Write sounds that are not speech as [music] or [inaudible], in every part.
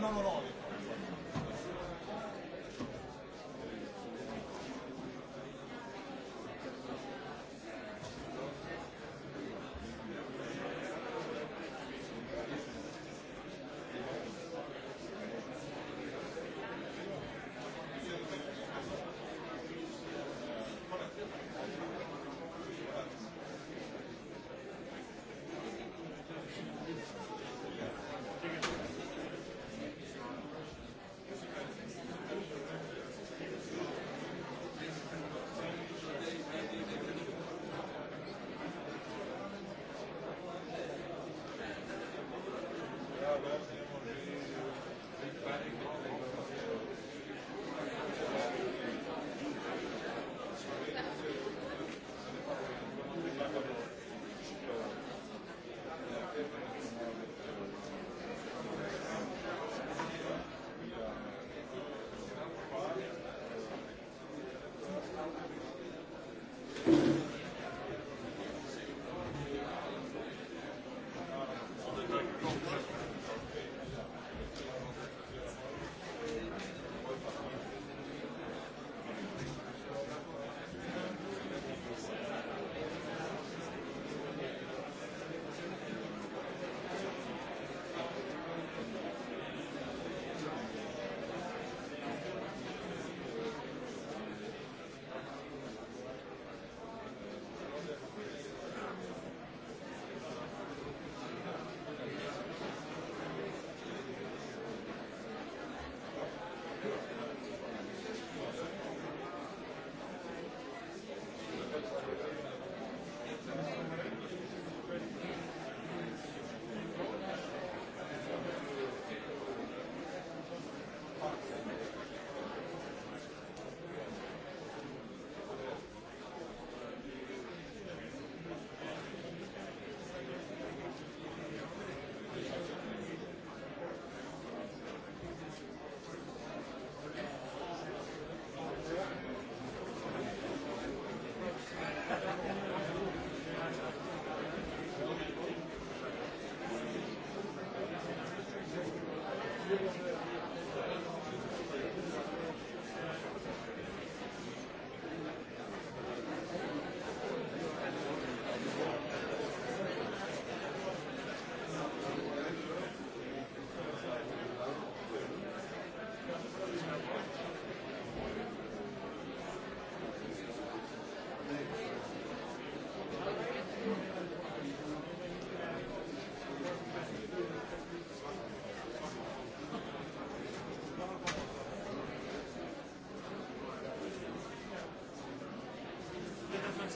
No, no, no, no.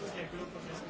Club, pues, este,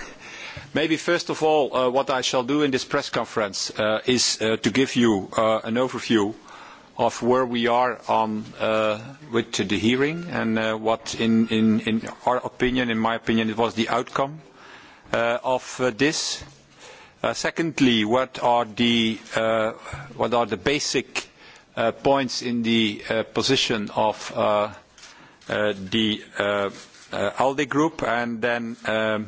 Maybe first of all, uh, what I shall do in this press conference uh, is uh, to give you an overview of where we are on with the hearing and what in, our opinion, in my opinion, it was the outcome of this. Secondly, what are the, basic points in the position of the ALDE Group? And then, um,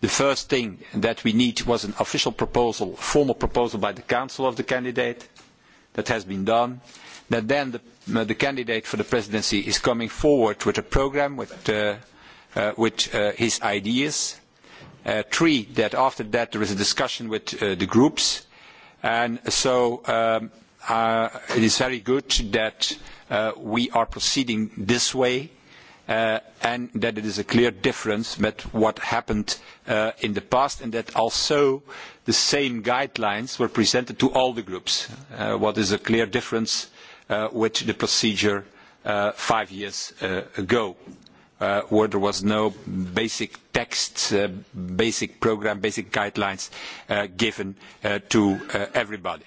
The first thing that we need was an official proposal, formal proposal by the council of the candidate. That has been done. That then the, uh, the candidate for the presidency is coming forward with a program, with, uh, uh, with uh, his ideas. Uh, three, that after that there is a discussion with uh, the groups. And so um, it is very good that we are proceeding this way Uh, and that it is a clear difference with what happened uh, in the past, and that also the same guidelines were presented to all the groups. Uh, what is a clear difference with the procedure five years ago, where there was no basic text, basic program, basic guidelines given to everybody.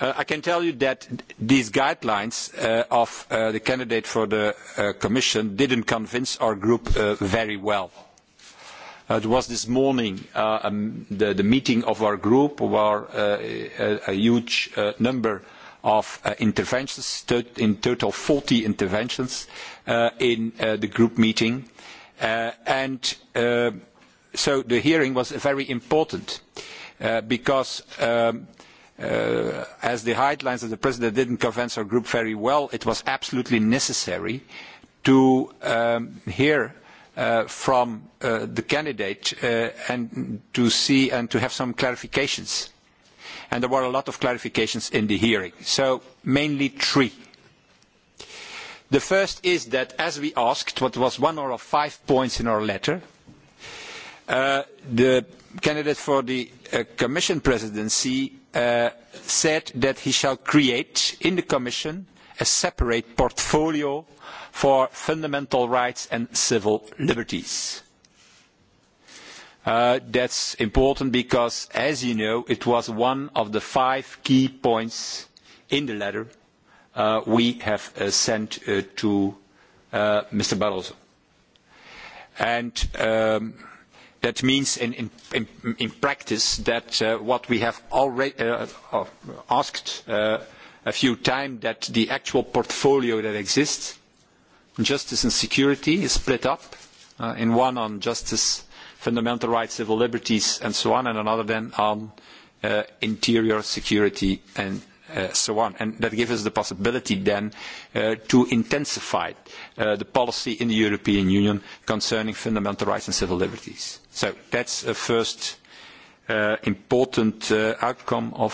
Uh, I can tell you that these guidelines uh, of uh, the candidate for the uh, commission didn't convince our group uh, very well. It was this morning, um, the, the meeting of our group, where a, a huge number of interventions, in total 40 interventions, in the group meeting. And so the hearing was very important, because um, Uh, as the guidelines of the president didn't convince our group very well, it was absolutely necessary to um, hear uh, from uh, the candidate uh, and to see and to have some clarifications. And there were a lot of clarifications in the hearing, so mainly three. The first is that as we asked, what was one or five points in our letter, uh, the candidate for the Commission presidency Uh, said that he shall create in the Commission a separate portfolio for fundamental rights and civil liberties. Uh, that's important because, as you know, it was one of the five key points in the letter uh, we have uh, sent uh, to uh, Mr. Barroso. And um, That means in, in, in, in practice that uh, what we have already uh, uh asked uh, a few times, that the actual portfolio that exists, justice and security, is split up uh, in one on justice, fundamental rights, civil liberties, and so on, and another then on uh, interior security and Uh, so on. And that gives us the possibility then uh, to intensify uh, the policy in the European Union concerning fundamental rights and civil liberties. So that's a first uh, important uh, outcome of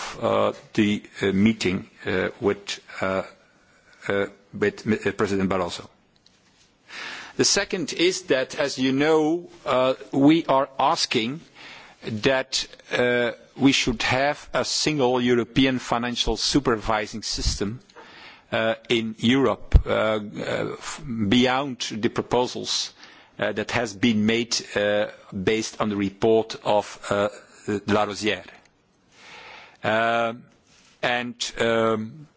the meeting with, with President Barroso. The second is that, as you know, we are asking uh, that uh, we should have a single European financial supervising system uh, in Europe uh, uh beyond the proposals uh, that has been made uh, based on the report of Larosière. And, um,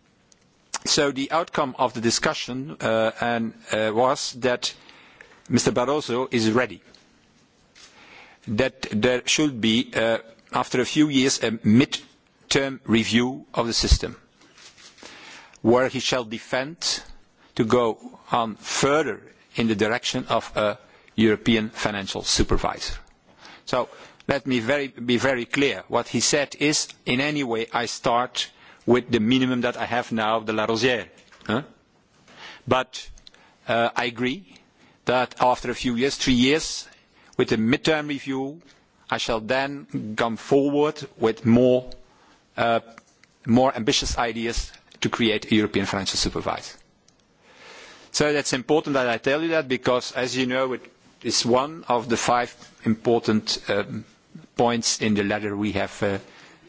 so the outcome of the discussion and, was that Mr. Barroso is ready that there should be, uh, after a few years, a mid-term review of the system, where he shall defend to go on further in the direction of a European financial supervisor. So let me be very clear. What he said is, in any way, I start with the minimum that I have now, the Larosière. But uh, I agree that after a few years, three years, with the midterm review, I shall then come forward with uh, more, ambitious ideas to create a European financial supervisor. So that's important that I tell you that because, as you know, it is one of the five important um, points in the letter we have uh,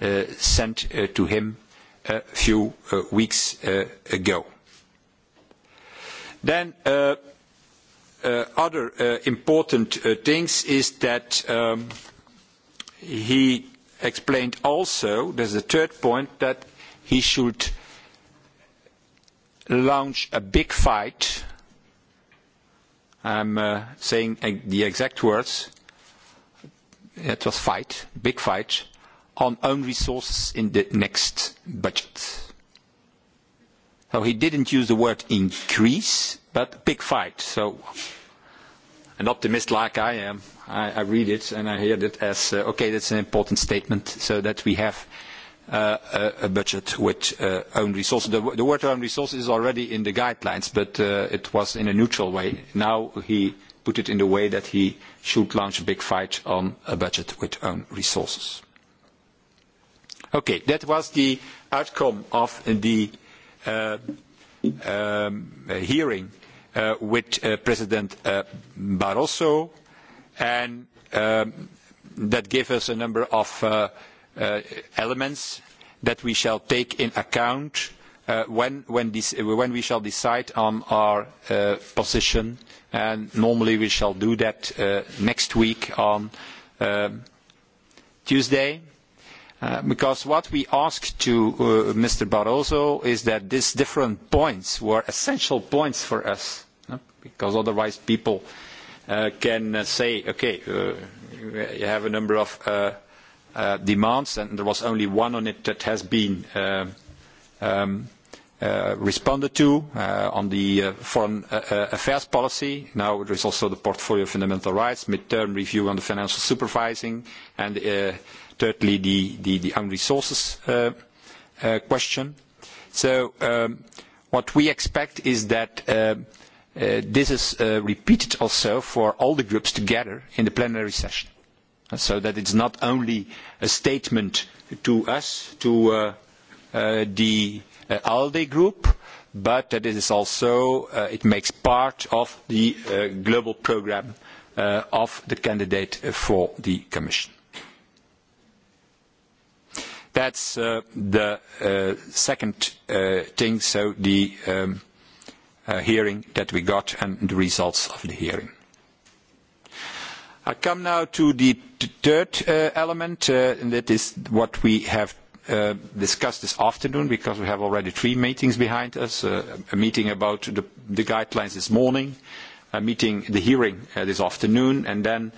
uh, sent to him a few weeks ago. Then Uh, other uh, important uh, things is that um, he explained also, there's a third point, that he should launch a big fight. I'm saying the exact words. It was fight, big fight, on own resources in the next budget. So he didn't use the word increase, but big fight. So an optimist like I am, I, I read it and I hear it as, uh, okay, that's an important statement so that we have uh, a, a budget with uh, own resources. The, the word own resources is already in the guidelines, but uh, it was in a neutral way. Now he put it in the way that he should launch a big fight on a budget with own resources. Okay, that was the outcome of the uh, Uh, um, hearing uh, with uh, President Barroso, and um, that gave us a number of elements that we shall take in account Uh, when, when, this, when we shall decide on our uh, position, and normally we shall do that uh, next week on um, Tuesday, Uh, because what we ask to uh, Mr. Barroso is that these different points were essential points for us, no? because otherwise people uh, can uh, say, okay, uh, you have a number of demands, and there was only one on it that has been um, responded to on the foreign affairs policy. Now there is also the portfolio of fundamental rights, mid-term review on the financial supervising, and thirdly, the, own resources uh, uh, question. So, um, what we expect is that uh, this is repeated also for all the groups together in the plenary session, so that it's not only a statement to us, to the ALDE group, but that it is also, it makes part of the global program of the candidate for the commission. That's uh, the uh, second uh, thing, so the um, hearing that we got and the results of the hearing. I come now to the third element, and that is what we have discussed this afternoon because we have already three meetings behind us. a meeting about the, guidelines this morning, a meeting, the hearing this afternoon, and then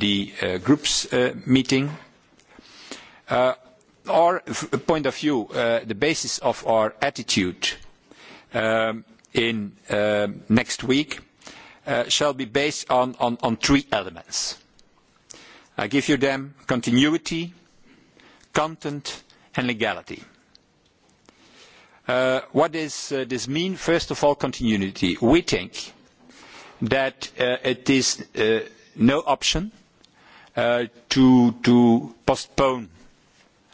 the groups meeting our point of view, uh, the basis of our attitude um, in uh, next week uh, shall be based on, on, on three elements. I give you them: continuity, content, and legality. Uh, what does uh, this mean? First of all, continuity. We think that uh, it is no option to, to postpone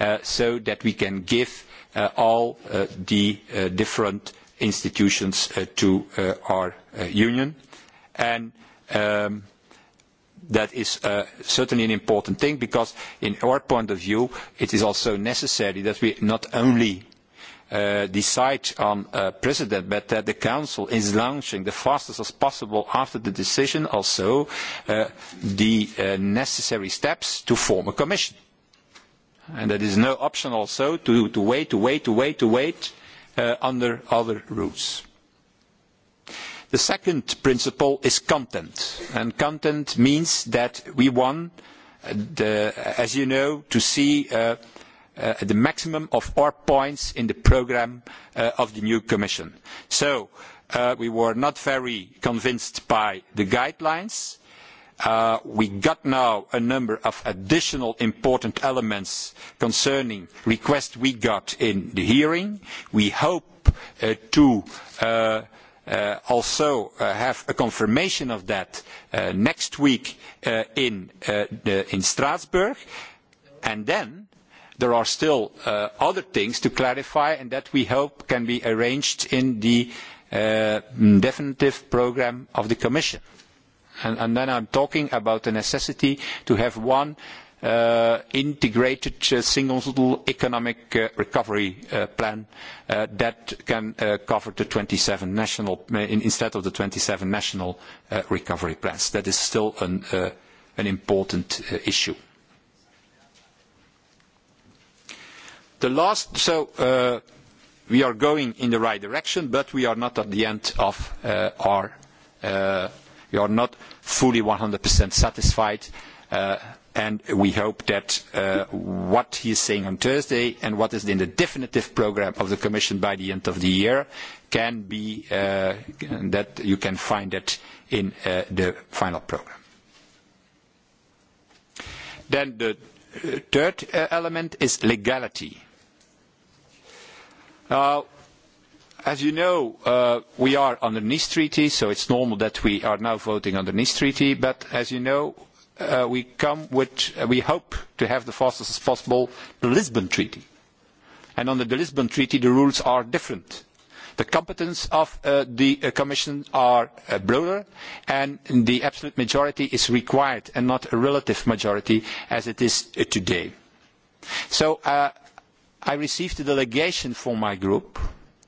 Uh, so that we can give uh, all uh, the different institutions to our union. And um, that is certainly an important thing because in our point of view, it is also necessary that we not only decide on a president, but that the council is launching the fastest as possible after the decision also the necessary steps to form a commission and that is no option also to, to wait, to wait, to wait, to wait uh, under other routes. The second principle is content, and content means that we want, uh, the, as you know, to see uh, uh, the maximum of our points in the program uh, of the new Commission. So uh, we were not very convinced by the guidelines, Uh, we got now a number of additional important elements concerning requests we got in the hearing. We hope uh, to uh, uh also uh, have a confirmation of that next week in, the, in Strasbourg. And then there are still other things to clarify, and that we hope can be arranged in the definitive programme of the Commission. And, and then I'm talking about the necessity to have one Uh, integrated uh, single economic uh, recovery uh, plan uh, that can uh, cover the 27 national in, instead of the 27 national recovery plans. That is still an, an important issue. The last, so we are going in the right direction, but we are not at the end of our We are not fully 100% satisfied, uh, and we hope that uh, what he is saying on Thursday and what is in the definitive program of the Commission by the end of the year can be uh, that you can find that in the final program. Then the third element is legality. Now, As you know, uh, we are under Nice Treaty, so it's normal that we are now voting under Nice Treaty. But as you know, uh, we come with, uh, we hope to have the fastest as possible the Lisbon Treaty. And under the Lisbon Treaty, the rules are different. The competence of the Commission are broader, and the absolute majority is required and not a relative majority as it is today. So I received a delegation from my group,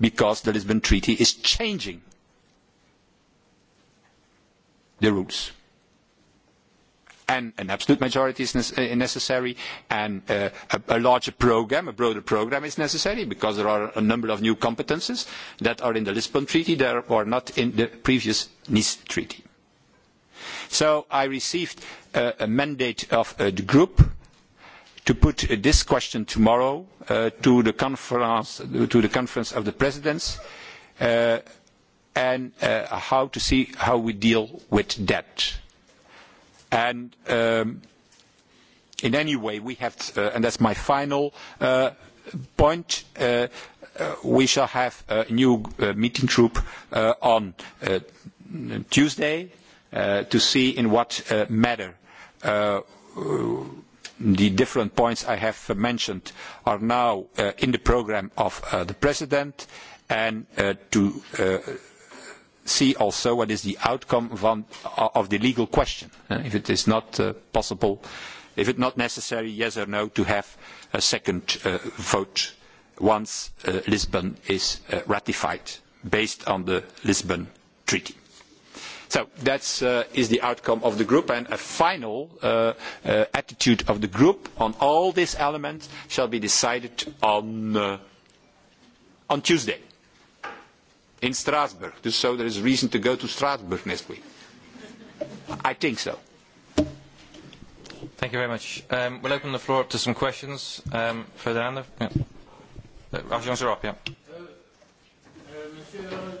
because the Lisbon Treaty is changing the rules. And an absolute majority is eh, necessary, and eh, a, a larger program, a broader program is necessary, because there are a number of new competences that are in the Lisbon Treaty that are not in the previous Nice Treaty. So I received eh, a mandate of the group to put this question tomorrow uh, to the, conference, to the conference of the presidents uh, and uh, how to see how we deal with debt And um, in any way, we have, and that's my final point, Uh, we shall have a new uh, meeting group uh, on Tuesday to see in what matter the different points I have mentioned are now uh, in the programme of uh, the President and uh, to uh, see also what is the outcome van, uh, of the legal question. Uh, if it is not uh, possible, if is not necessary, yes or no, to have a second uh, vote once uh, Lisbon is uh, ratified based on the Lisbon Treaty. So that uh, is the outcome of the group, and a final uh, uh, attitude of the group on all these elements shall be decided on, on Tuesday in Strasbourg. Just so there is reason to go to Strasbourg next week. I think so. Thank you very much. Um, we'll open the floor up to some questions. Um, further down there. Yeah. Uh, Arjan yeah. Monsieur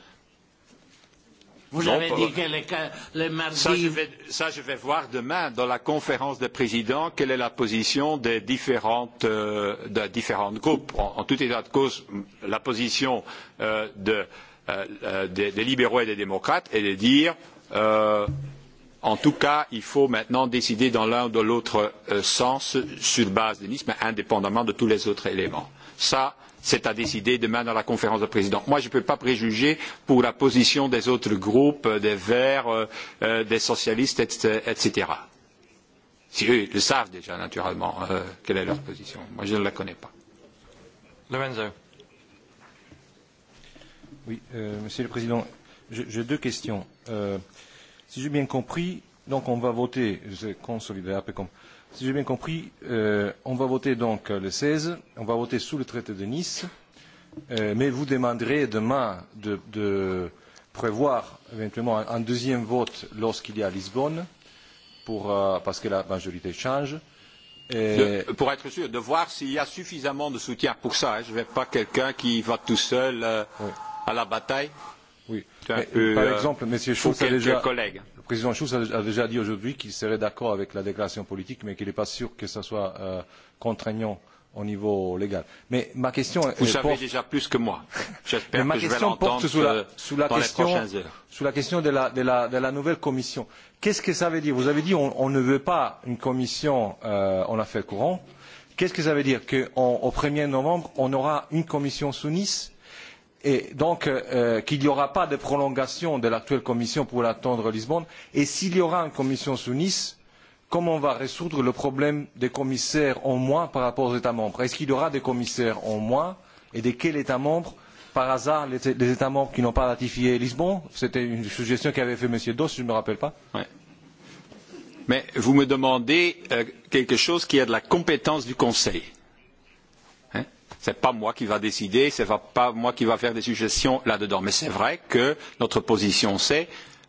Vous non, avez dit que les, les mardis... Ça je, vais, ça, je vais voir demain dans la conférence des présidents quelle est la position des différentes, euh, des différentes groupes. En, en tout état de cause, la position euh, de, euh, euh des, des libéraux et des démocrates est de dire euh, en tout cas, il faut maintenant décider dans l'un ou dans l'autre euh, sens sur base de Nice, mais indépendamment de tous les autres éléments. Ça, c'est à décider demain dans la conférence de présidents. Moi, je ne peux pas préjuger pour la position des autres groupes, euh, des Verts, euh, euh des socialistes, etc. Si eux le savent déjà, naturellement, euh, quelle est leur position. Moi, je ne la connais pas. Lorenzo. Oui, euh, Monsieur le Président, j'ai deux questions. Euh, si j'ai bien compris, donc on va voter, je consolide un peu comme. Euh, Si j'ai bien compris, euh, on va voter donc le 16, on va voter sous le traité de Nice, euh, mais vous demanderez demain de, de prévoir éventuellement un, un deuxième vote lorsqu'il y a Lisbonne, pour, euh, parce que la majorité change. Et... De, pour être sûr, de voir s'il y a suffisamment de soutien pour ça. Hein. Je ne vais pas quelqu'un qui va tout seul euh, oui. à la bataille. Oui. Mais, peu, par euh, exemple, M. Schulz a déjà, collègues. le président Schulz a déjà dit aujourd'hui qu'il serait d'accord avec la déclaration politique, mais qu'il n'est pas sûr que ce soit euh, contraignant au niveau légal. Mais ma question Vous savez porte... déjà plus que moi. J'espère que question je vais porte sous la, euh, sous la dans question, les prochaines heures. Sous la question de la, de la, de la nouvelle commission. Qu'est-ce que ça veut dire Vous avez dit on, on ne veut pas une commission euh, en affaires courantes. Qu'est-ce que ça veut dire Qu'au 1er novembre, on aura une commission sous Nice et donc euh, euh, qu'il n'y aura pas de prolongation de l'actuelle commission pour attendre Lisbonne. Et s'il y aura une commission sous Nice, comment on va résoudre le problème des commissaires en moins par rapport aux États membres Est-ce qu'il y aura des commissaires en moins et de quel État membre par hasard les, États membres qui n'ont pas ratifié Lisbonne C'était une suggestion qu'avait fait M. Doss, je ne me rappelle pas. Ouais. Mais vous me demandez euh, quelque chose qui est de la compétence du Conseil n'est pas moi qui va décider, ce n'est pas moi qui va faire des suggestions là-dedans. Mais c'est vrai que notre position, c'est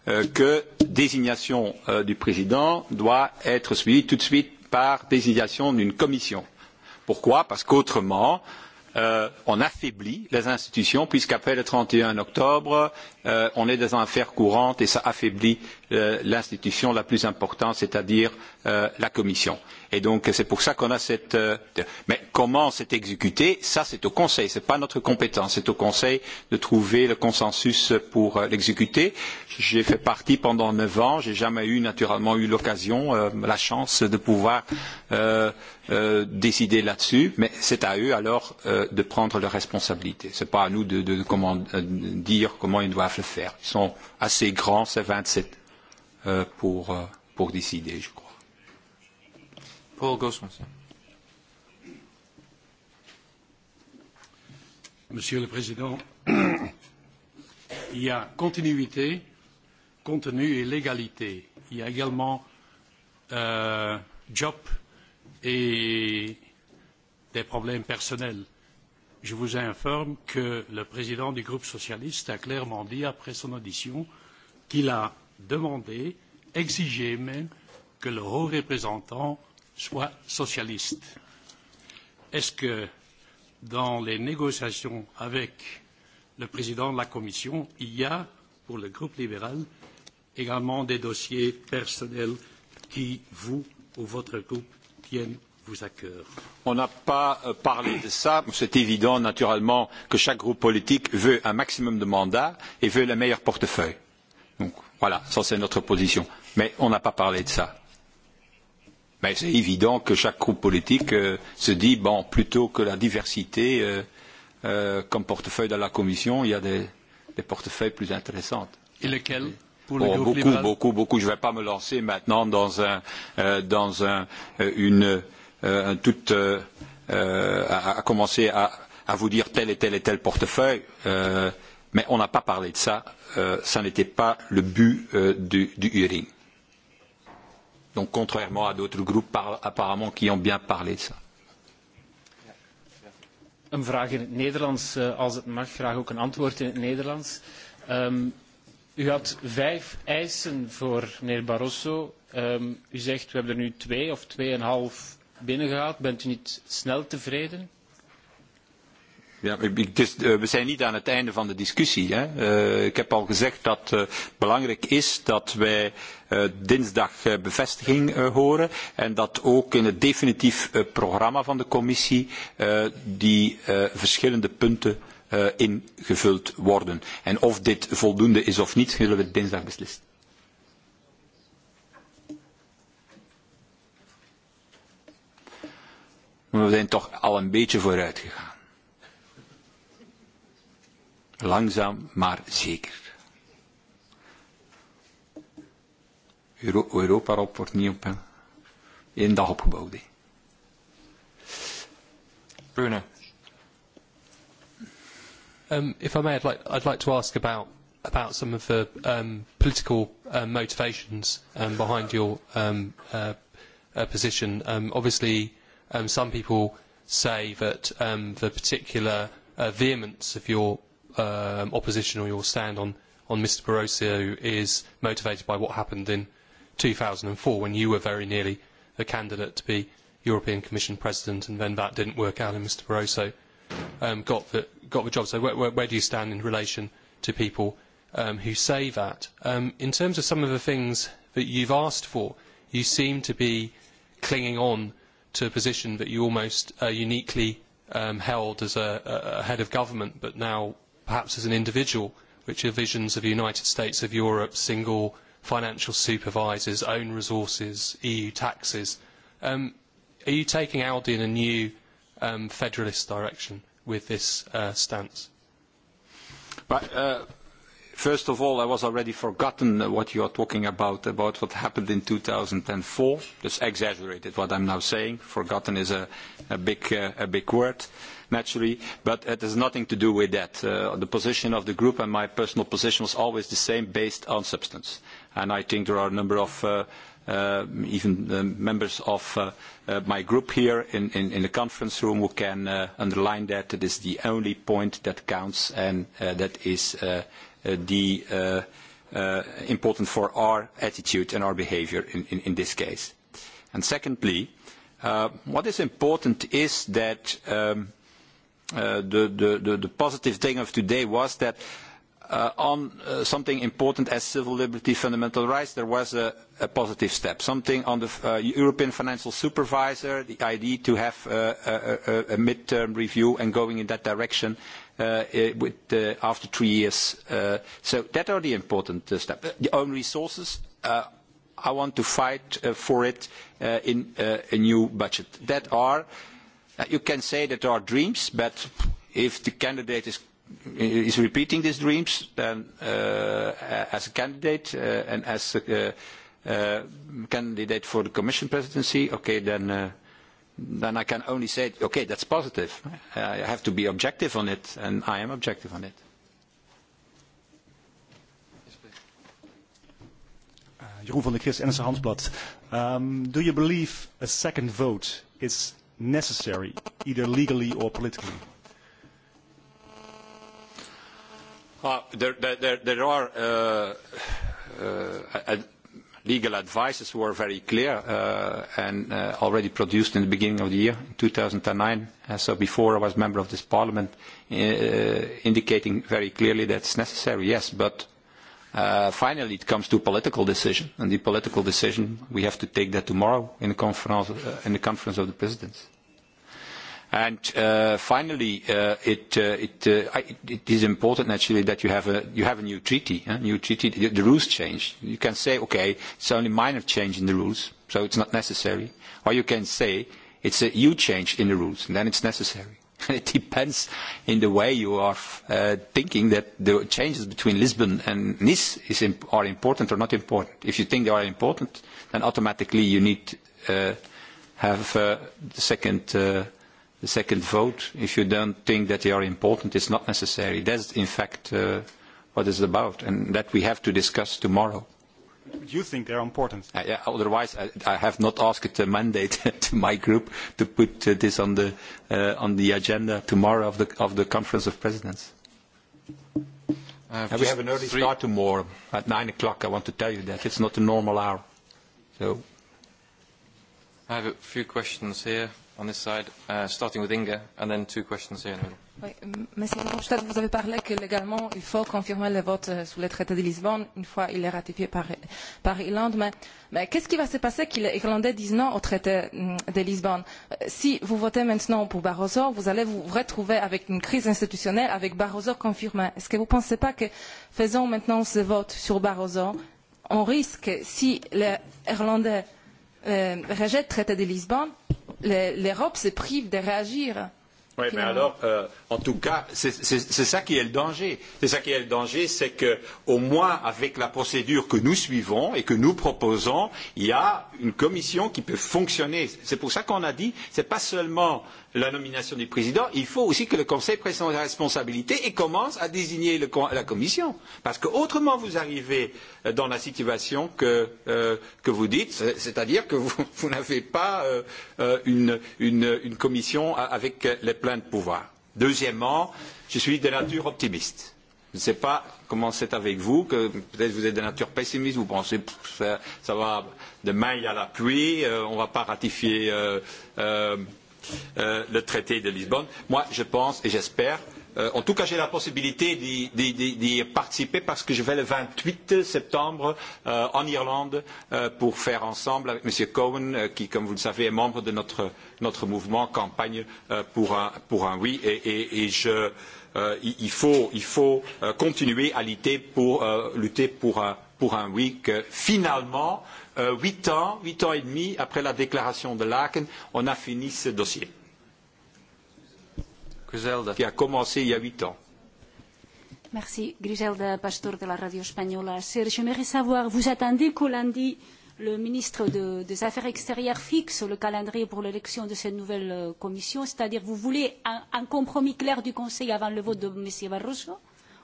euh, que désignation euh, du président doit être suivie tout de suite par désignation d'une commission. Pourquoi Parce qu'autrement, euh, on affaiblit les institutions, puisqu'après le 31 octobre, euh, on est dans une affaire courante et ça affaiblit euh, l'institution la plus importante, c'est-à-dire euh, la Commission. Et donc c'est pour ça qu'on a cette. Euh, mais comment c'est exécuté Ça c'est au Conseil. C'est pas notre compétence. C'est au Conseil de trouver le consensus pour euh, l'exécuter. J'ai fait partie pendant neuf ans. J'ai jamais eu naturellement eu l'occasion, euh, la chance de pouvoir euh, euh, décider là-dessus. Mais c'est à eux alors euh, de prendre leurs responsabilités. C'est pas à nous de, de, de comment de euh, dire comment ils doivent le faire. Ils sont assez grands, c'est 27 euh, pour euh, pour décider, je crois. Paul Gosmanson. Monsieur le Président, il y a continuité, contenu et légalité. Il y a également euh, job et des problèmes personnels. Je vous informe que le président du groupe socialiste a clairement dit après son audition qu'il a demandé, exigé même, que le haut représentant soit socialiste. Est-ce que dans les négociations avec le président de la Commission, il y a, pour le groupe libéral, également des dossiers personnels qui, vous ou votre groupe, tiennent vous à cœur On n'a pas euh, parlé de ça. C'est évident, naturellement, que chaque groupe politique veut un maximum de mandats et veut le meilleur portefeuille. Donc voilà, ça c'est notre position. Mais on n'a pas parlé de ça. Mais c'est évident que chaque groupe politique euh, se dit bon, plutôt que la diversité euh, euh, comme portefeuille de la Commission, il y a des, des portefeuilles plus intéressants. Et lesquels pour le oh, groupe beaucoup, libéral beaucoup, beaucoup. Je ne vais pas me lancer maintenant dans un, euh, dans un, euh, une, euh, un tout, euh, euh, à, à commencer à, à vous dire tel et tel et tel portefeuille. Euh, mais on n'a pas parlé de ça. Euh, ça n'était pas le but euh, du, du hearing. Donc contrairement à d'autres groupes apparemment qui ont bien parlé de ça. Een vraag in het Nederlands, eh, als het mag, graag ook een antwoord in het Nederlands. Um, u had vijf eisen voor meneer Barroso. Um, u zegt, we hebben er nu twee of tweeënhalf binnengehaald. Bent u niet snel tevreden? Ja, ik, dus, uh, eh, we zijn niet aan het einde van de discussie. Hè. Uh, ik heb al gezegd dat het uh, belangrijk is dat wij uh, dinsdag uh, bevestiging uh, horen en dat ook in het definitief uh, programma van de commissie uh, die uh, verschillende punten uh, ingevuld worden. En of dit voldoende is of niet, zullen we dinsdag beslissen. we zijn toch al een beetje vooruit gegaan. Langzaam, maar zeker. Euro Europa op wordt niet op één dag opgebouwd. Bruno. Um, if I may, I'd like, I'd like to ask about about some of the um, political uh, motivations um, behind your um, uh, uh, position. Um, obviously, um, some people say that um, the particular uh, vehemence of your um, opposition or your stand on, on Mr Barroso is motivated by what happened in 2004 when you were very nearly a candidate to be European Commission President and then that didn't work out and Mr Barroso um, got, the, got the job. So where, where, where do you stand in relation to people um, who say that? Um, in terms of some of the things that you've asked for, you seem to be clinging on to a position that you almost uh, uniquely um, held as a, a head of government but now perhaps as an individual, which are visions of the United States of Europe, single financial supervisors, own resources, EU taxes. Um, are you taking Aldi in a new um, federalist direction with this uh, stance? But, uh First of all, I was already forgotten what you are talking about, about what happened in 2004. That's exaggerated what I'm now saying. Forgotten is a, a, big, uh, a big word, naturally, but it has nothing to do with that. Uh, the position of the group and my personal position was always the same based on substance. And I think there are a number of uh, Uh, even members of uh, uh, my group here in, in, in the conference room who can uh, underline that. It is the only point that counts, and uh, that is uh, Uh, the uh, uh, important for our attitude and our behavior in, in, in this case. And secondly, uh, what is important is that um, uh, the, the, the, the positive thing of today was that Uh, on uh, something important as civil liberty, fundamental rights, there was a, a positive step. Something on the uh, European Financial Supervisor, the idea to have a, a, a mid-term review and going in that direction Uh, uh, with, uh, after three years. so that are the important step. The own resources, I want to fight for it in a new budget. That are, you can say that are dreams, but if the candidate is, is repeating these dreams, then as a candidate and as a candidate for the commission presidency, okay, then then I can only say, okay, that's positive. I have to be objective on it, and I am objective on it. Uh, Jeroen van der Kris, NRC Handelsblad. Um, do you believe a second vote is necessary, either legally or politically? Uh, there, are. Uh, uh, legal advices were very clear uh, and uh, already produced in the beginning of the year, 2009, uh, so before I was member of this parliament, indicating very clearly that it's necessary, yes, but finally it comes to political decision, and the political decision, we have to take that tomorrow in the conference of the presidents. Uh, finally, uh, uh, it, is important naturally that you have a, new treaty. New treaty, the, rules change. You can say, "Okay, it's only minor change in the rules, so it's not necessary." Or you can say, "It's a huge change in the rules, and then it's necessary." [laughs] It depends in the way you are thinking that the changes between Lisbon and Nice are important or not important. If you think they are important, then automatically you need have the second the second vote, if you don't think that they are important, is not necessary. That's in fact uh, what it's about, and that we have to discuss tomorrow. But You think they're important? Uh, yeah, otherwise, I, I have not asked a mandate [laughs] to my group to put uh, this on the uh, on the agenda tomorrow of the of the conference of presidents. Uh, uh we have an early three... start tomorrow at nine o'clock. I want to tell you that it's not a normal hour. So. I have a few questions here on this side, uh, starting with Inga, and then two questions here in the middle. Oui, Monsieur Verhofstadt, vous avez parlé que légalement, il faut confirmer le vote euh, sur le traité de Lisbonne une fois il est ratifié par, par Irlande. Mais, mais qu'est-ce qui va se passer que les Irlandais disent non au traité mm, de Lisbonne euh, Si vous votez maintenant pour Barroso, vous allez vous retrouver avec une crise institutionnelle, avec Barroso confirmé. Est-ce que vous ne pensez pas que faisons maintenant ce vote sur Barroso, on risque, si les Irlandais euh, rejette le traité de Lisbonne, l'Europe se prive de réagir. Oui, mais alors, euh, en tout cas, c'est ça qui est le danger. C'est ça qui est le danger, c'est que, au moins, avec la procédure que nous suivons et que nous proposons, il y a une commission qui peut fonctionner. C'est pour ça qu'on a dit, c'est pas seulement la nomination du président, il faut aussi que le Conseil prenne ses responsabilités et commence à désigner le, la Commission. Parce que autrement, vous arrivez euh, dans la situation que, euh, que vous dites, c'est-à-dire que vous, [laughs] vous n'avez pas euh, euh, une, une, une Commission avec les pleins de pouvoir. Deuxièmement, je suis de nature optimiste. Je ne sais pas comment c'est avec vous, que peut-être vous êtes de nature pessimiste, vous pensez que ça, ça va demain il y a la pluie, euh, on ne va pas ratifier euh, euh, Euh, le traité de Lisbonne. Moi, je pense et j'espère Euh, en tout cas, j'ai la possibilité d'y participer parce que je vais le 28 septembre euh, en Irlande euh, pour faire ensemble avec M. Cohen, euh, qui, comme vous le savez, est membre de notre, notre mouvement campagne euh, pour, un, pour un oui. Et, et, et je, euh, il faut, il faut euh, continuer à lutter pour, euh, lutter pour, un, pour un oui que finalement euh, euh, 8 ans, 8 ans et demi après la déclaration de Laken, on a fini ce dossier. Griselda. Qui a commencé il y a 8 ans. Merci. Griselda Pastor de la Radio Espagnole. J'aimerais savoir, vous attendez que lundi, le ministre de, des Affaires extérieures fixe le calendrier pour l'élection de cette nouvelle euh, commission C'est-à-dire, vous voulez un, un compromis clair du Conseil avant le vote de M. Barroso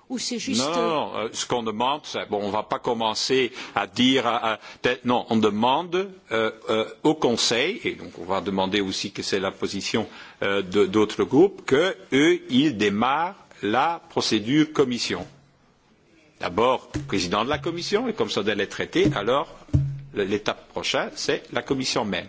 ou c'est juste... Non, non, non. Euh, ce qu'on demande, c'est... Bon, on ne va pas commencer à dire... À, à, non, on demande euh, euh, au Conseil, et donc on va demander aussi que c'est la position euh, d'autres groupes, qu'eux, ils démarrent la procédure Commission. D'abord, président de la Commission, et comme ça doit l'être traité, alors l'étape prochaine, c'est la Commission même.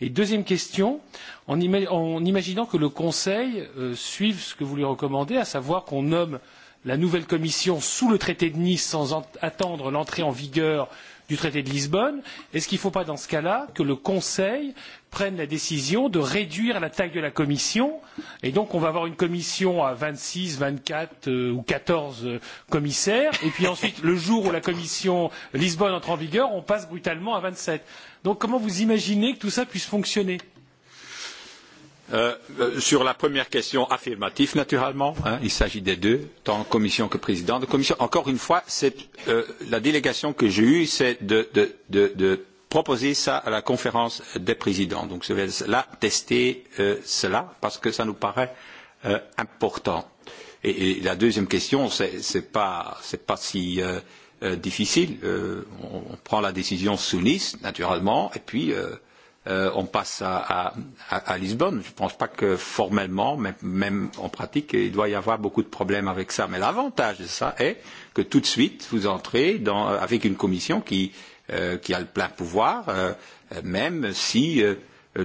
et deuxième question, en, ima en imaginant que le Conseil euh, suive ce que vous lui recommandez, à savoir qu'on nomme la nouvelle Commission sous le traité de Nice sans attendre l'entrée en vigueur euh, du traité de Lisbonne, est-ce qu'il ne faut pas dans ce cas-là que le Conseil prenne la décision de réduire la taille de la commission et donc on va avoir une commission à 26, 24 euh, ou 14 euh, commissaires et puis ensuite le jour où la commission Lisbonne entre en vigueur, on passe brutalement à 27. Donc comment vous imaginez que tout ça puisse fonctionner Euh, sur la première question, affirmatif naturellement. Hein, il s'agit des deux, tant commission que président de commission. Encore une fois, euh, la délégation que j'ai eue, c'est de, de, de, de proposer ça à la conférence des présidents. Donc je vais là tester euh, cela parce que ça nous paraît euh, important. Et, et la deuxième question, c'est pas, pas si euh, euh, difficile. Euh, on, on prend la décision sous Nice, naturellement, et puis. Euh, euh, on passe à, à, à Lisbonne. Je ne pense pas que formellement, mais même en pratique, il doit y avoir beaucoup de problèmes avec ça. Mais l'avantage de ça est que tout de suite, vous entrez dans, avec une commission qui, euh, qui a le plein pouvoir, euh, même si euh,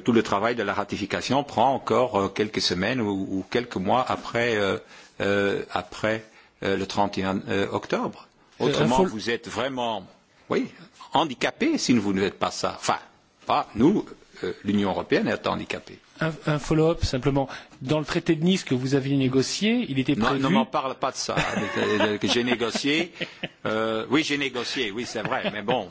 tout le travail de la ratification prend encore euh, quelques semaines ou, ou quelques mois après, euh, euh, après euh, le 31 euh, octobre. Euh, Autrement, euh, faut... vous êtes vraiment oui, handicapé si vous ne faites pas ça. Enfin, pas, nous, euh, l'Union européenne, être handicapée. Un, un follow-up simplement. Dans le traité de Nice que vous aviez négocié, il était prévu. Non, ne m'en parle pas de ça. Euh, j'ai négocié. Euh, oui, j'ai négocié. Oui, c'est vrai. Mais bon,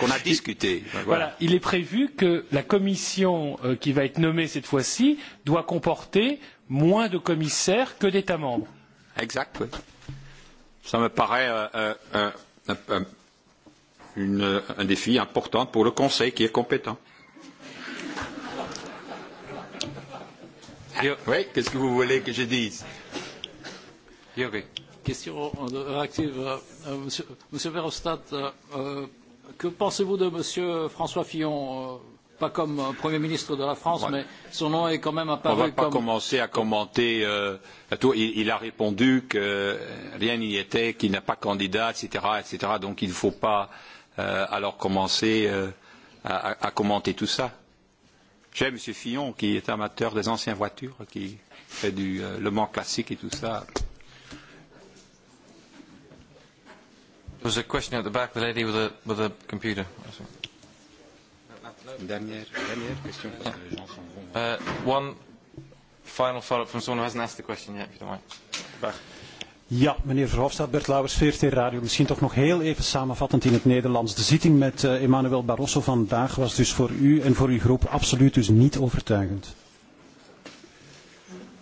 qu'on a discuté. Voilà. voilà. Il est prévu que la commission euh, qui va être nommée cette fois-ci doit comporter moins de commissaires que d'États membres. Exact. Oui. Ça me paraît euh, euh, euh, euh, une, euh, un défi important pour le Conseil qui est compétent. Oui, qu'est-ce que vous voulez que je dise Yuri. Question euh, réactive. Euh, monsieur, Verhofstadt, euh, que pensez-vous de Monsieur François Fillon Pas comme Premier ministre de la France, ouais. mais son nom est quand même apparu comme... On ne va pas comme... commencer à commenter euh, à tout. Il, il a répondu que rien n'y était, qu'il n'a pas candidat, etc., etc. Donc il ne faut pas... Euh, euh, alors commencer euh, à, à commenter tout ça. J'ai M. Fillon qui est amateur des anciennes voitures, qui fait du euh, Le Mans classique et tout ça. There was a question at the back, the lady with a, with a computer. Uh, one final follow-up from someone who hasn't asked the question yet, if you don't mind. Back. Ja, meneer Verhofstadt, Bert Lauwers, VRT Radio. Misschien toch nog heel even samenvattend in het Nederlands. De zitting met uh, Emmanuel Barroso vandaag was dus voor u en voor uw groep absoluut dus niet overtuigend.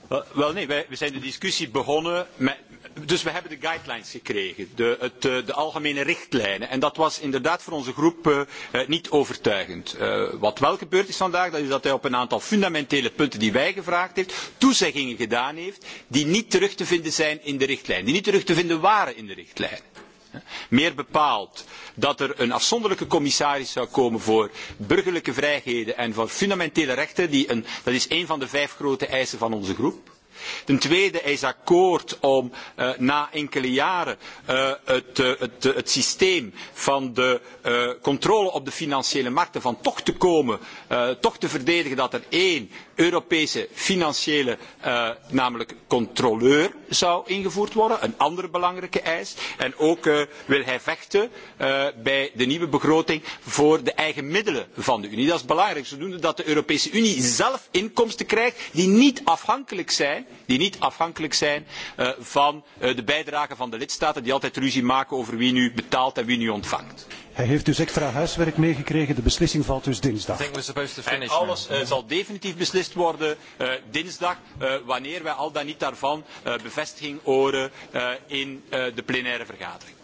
Wel, eh, wel nee, wij, we zijn de discussie begonnen met, Dus we hebben de guidelines gekregen, de, het, eh, de algemene richtlijnen. En dat was inderdaad voor onze groep uh, niet overtuigend. Uh, wat wel gebeurd is vandaag, dat is dat hij op een aantal fundamentele punten die wij gevraagd heeft, toezeggingen gedaan heeft die niet terug te vinden zijn in de richtlijn, die niet terug te vinden waren in de richtlijn. Meer bepaald dat er een afzonderlijke commissaris zou komen voor burgerlijke vrijheden en voor fundamentele rechten, die een, dat is een van de vijf grote eisen van onze groep Ten tweede, hij is akkoord om uh, na enkele jaren uh, het, uh, het, uh, het systeem van de uh, controle op de financiële markten van toch te komen, uh, toch te verdedigen dat er één Europese financiële, uh, namelijk controleur, zou ingevoerd worden. Een andere belangrijke eis. En ook uh, wil hij vechten uh, bij de nieuwe begroting voor de eigen middelen van de Unie. Dat is belangrijk, zodoende dat de Europese Unie zelf inkomsten krijgt die niet afhankelijk zijn die niet afhankelijk zijn uh, van uh, de bijdrage van de lidstaten, die altijd ruzie maken over wie nu betaalt en wie nu ontvangt. Hij heeft dus extra huiswerk meegekregen. De beslissing valt dus dinsdag. En alles uh, zal definitief beslist worden uh, dinsdag, uh, wanneer wij al dan niet daarvan uh, bevestiging horen uh, in uh, de plenaire vergadering.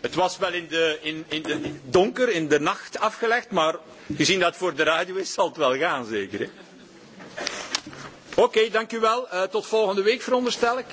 Het was wel in de, in, in de donker, in de nacht afgelegd, maar gezien dat het voor de radio is, zal het wel gaan zeker. Hè? Oké, okay, dank u wel. Uh, tot volgende week veronderstel ik.